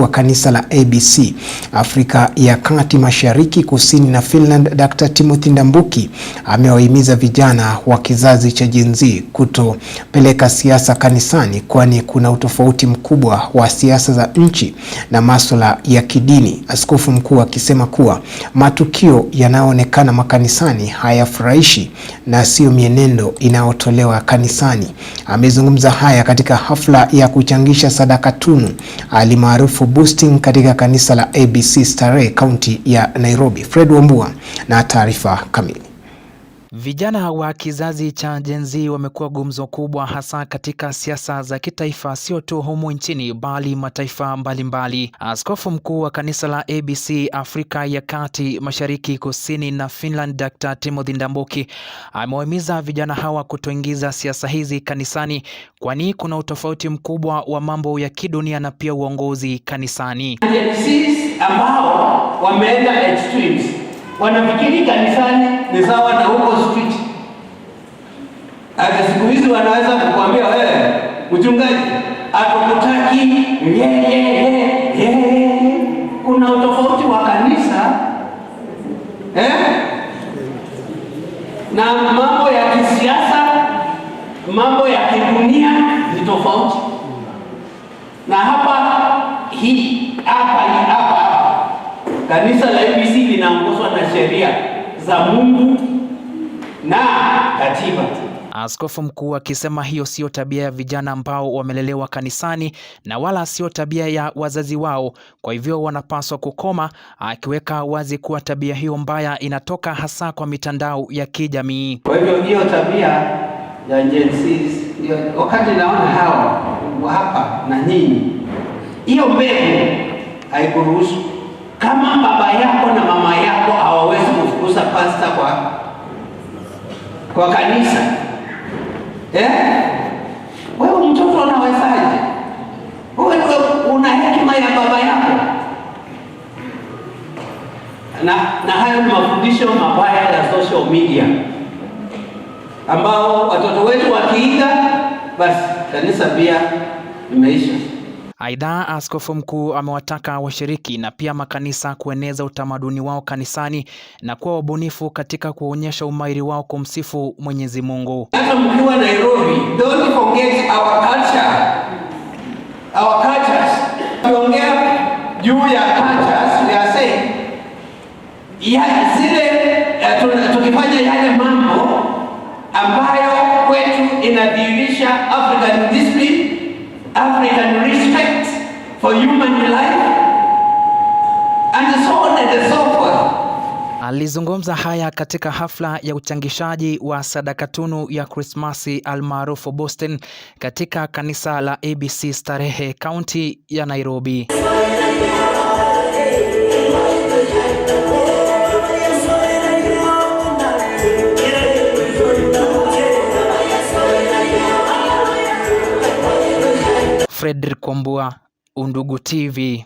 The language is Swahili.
wa kanisa la ABC Afrika ya Kati, Mashariki, Kusini na Finland, Dr. Timothy Ndambuki amewahimiza vijana wa kizazi cha Gen Z kutopeleka siasa kanisani, kwani kuna utofauti mkubwa wa siasa za nchi na masuala ya kidini. Askofu mkuu akisema kuwa matukio yanayoonekana makanisani hayafurahishi na siyo mienendo inayotolewa kanisani. Amezungumza haya katika hafla ya kuchangisha sadaka tunu alimaarufu for boosting katika kanisa la ABC Starehe kaunti ya Nairobi. Fred Wambua na taarifa kamili. Vijana wa kizazi cha Gen Z wamekuwa gumzo kubwa hasa katika siasa za kitaifa, sio tu humu nchini bali mataifa mbalimbali Askofu mkuu wa kanisa la ABC Afrika ya Kati, Mashariki, Kusini na Finland, Dr. Timothy Ndambuki amewahimiza vijana hawa kutoingiza siasa hizi kanisani, kwani kuna utofauti mkubwa wa mambo ya kidunia na pia uongozi kanisani. ambao wameenda extremes wanafikiri kanisani ni sawa hata siku hizi wanaweza kukwambia wewe mchungaji atukutaki yeye yeye yeye. Kuna utofauti wa kanisa eh, na mambo ya kisiasa, mambo ya kidunia ni tofauti na hapa hii hapa ni hapa. Kanisa la ABC linaongozwa na sheria za Mungu na katiba Askofu mkuu akisema hiyo siyo tabia ya vijana ambao wamelelewa kanisani na wala siyo tabia ya wazazi wao, kwa hivyo wanapaswa kukoma, akiweka wazi kuwa tabia hiyo mbaya inatoka hasa kwa mitandao ya kijamii. Kwa hivyo hiyo tabia ya Gen Z, wakati naona hawa hapa na nyinyi, hiyo mbegu haikuruhusu. Kama baba yako na mama yako hawawezi kufukuza pasta kwa, kwa kanisa eh? Wewe mtoto unawezaje? Wewe una hekima ya baba yako. Na, na hayo ni mafundisho mabaya ya social media ambao watoto wetu wakiiga, basi kanisa pia limeisha. Aidha, askofu mkuu amewataka washiriki na pia makanisa kueneza utamaduni wao kanisani na kuwa wabunifu katika kuonyesha umahiri wao kumsifu Mwenyezi Mungu. Hata mkiwa Nairobi, don't forget our culture. Our cultures. Tuongea juu ya cultures, we are saying yes. for human life and and Alizungumza haya katika hafla ya uchangishaji wa sadaka tunu ya Krismasi almaarufu Boston katika kanisa la ABC Starehe, kaunti ya Nairobi. Fredrick Kwambua Undugu TV.